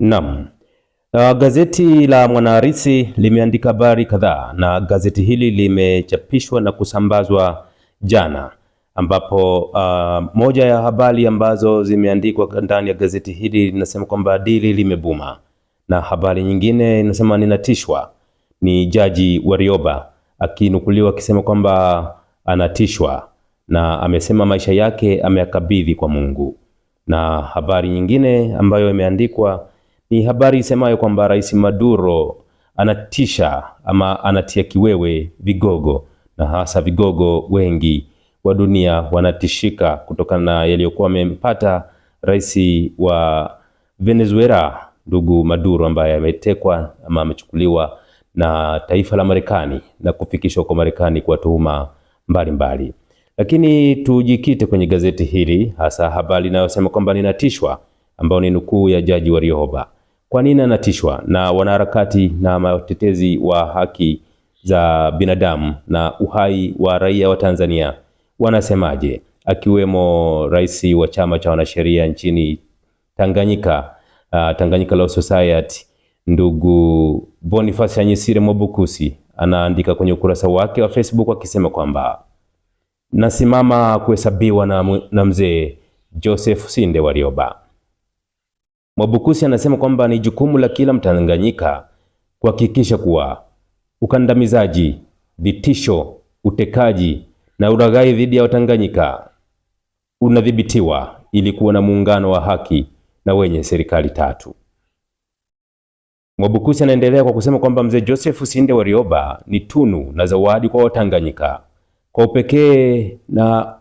Naam. Uh, gazeti la Mwanahalisi limeandika habari kadhaa na gazeti hili limechapishwa na kusambazwa jana, ambapo uh, moja ya habari ambazo zimeandikwa ndani ya gazeti hili linasema kwamba dili limebuma, na habari nyingine inasema ninatishwa, ni Jaji Warioba akinukuliwa akisema kwamba anatishwa na amesema maisha yake ameyakabidhi kwa Mungu, na habari nyingine ambayo imeandikwa ni habari isemayo kwamba Rais Maduro anatisha ama anatia kiwewe vigogo na hasa vigogo wengi wa dunia wanatishika kutokana na yaliyokuwa amempata rais wa Venezuela ndugu Maduro ambaye ametekwa ama amechukuliwa na taifa la Marekani na kufikishwa kwa Marekani kwa tuhuma mbalimbali. Lakini tujikite kwenye gazeti hili hasa habari inayosema kwamba ninatishwa, ambao ni nukuu ya Jaji Warioba. Kwa nini anatishwa? Na wanaharakati na watetezi wa haki za binadamu na uhai wa raia wa Tanzania wanasemaje? Akiwemo rais wa chama cha wanasheria nchini Tanganyika, uh, Tanganyika Law Society, ndugu Boniface Anyisire Mwabukusi anaandika kwenye ukurasa wake wa Facebook akisema kwamba nasimama kuhesabiwa na, na mzee Joseph Sinde Warioba. Mwabukusi anasema kwamba ni jukumu la kila Mtanganyika kuhakikisha kuwa ukandamizaji, vitisho, utekaji na ulaghai dhidi ya Watanganyika unadhibitiwa ili kuwa na muungano wa haki na wenye serikali tatu. Mwabukusi anaendelea kwa kusema kwamba mzee Joseph Sinde Warioba ni tunu na zawadi kwa Watanganyika kwa upekee na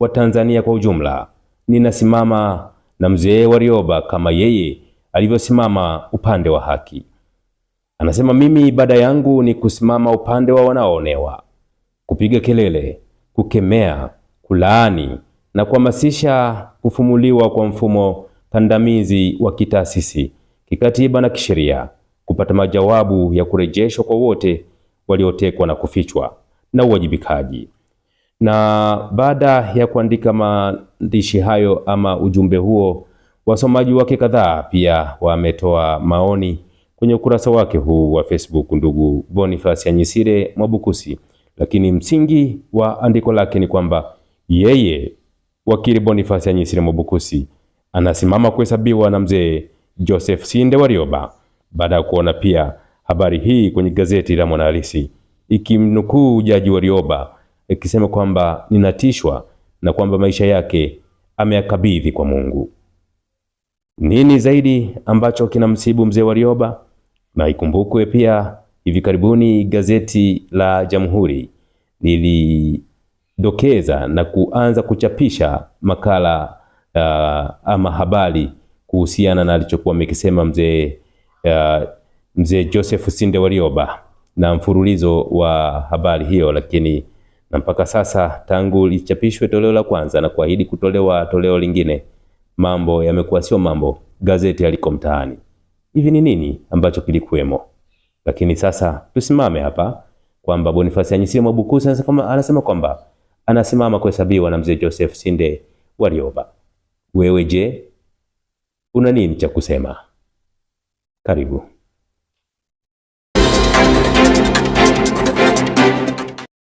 Watanzania kwa ujumla. Ninasimama na mzee Warioba kama yeye alivyosimama upande wa haki. Anasema mimi ibada yangu ni kusimama upande wa wanaoonewa, kupiga kelele, kukemea, kulaani na kuhamasisha kufumuliwa kwa mfumo kandamizi wa kitaasisi, kikatiba na kisheria, kupata majawabu ya kurejeshwa kwa wote waliotekwa na kufichwa na uwajibikaji. Na baada ya kuandika maandishi hayo ama ujumbe huo, wasomaji wake kadhaa pia wametoa maoni kwenye ukurasa wake huu wa Facebook, ndugu Boniface Anyisire Mwabukusi. Lakini msingi wa andiko lake ni kwamba yeye wakili Boniface Anyisire Mwabukusi anasimama kuhesabiwa na mzee Joseph Sinde Warioba baada ya kuona pia habari hii kwenye gazeti la Mwanahalisi ikimnukuu jaji Warioba ikisema kwamba ninatishwa na kwamba maisha yake ameyakabidhi kwa Mungu. Nini zaidi ambacho kinamsibu mzee Warioba? Na ikumbukwe pia hivi karibuni gazeti la Jamhuri lilidokeza na kuanza kuchapisha makala uh, ama habari kuhusiana na alichokuwa amekisema mzee uh, mzee Joseph Sinde Warioba na mfululizo wa habari hiyo, lakini na mpaka sasa tangu lichapishwe toleo la kwanza na kuahidi kutolewa toleo lingine, mambo yamekuwa sio mambo. Gazeti aliko mtaani, hivi ni nini ambacho kilikuwemo? Lakini sasa tusimame hapa kwamba Boniface Anyisime Mwabukusi anasema kwamba anasimama kuhesabiwa na mzee Joseph Sinde Warioba. Wewe je, una nini cha kusema? Karibu.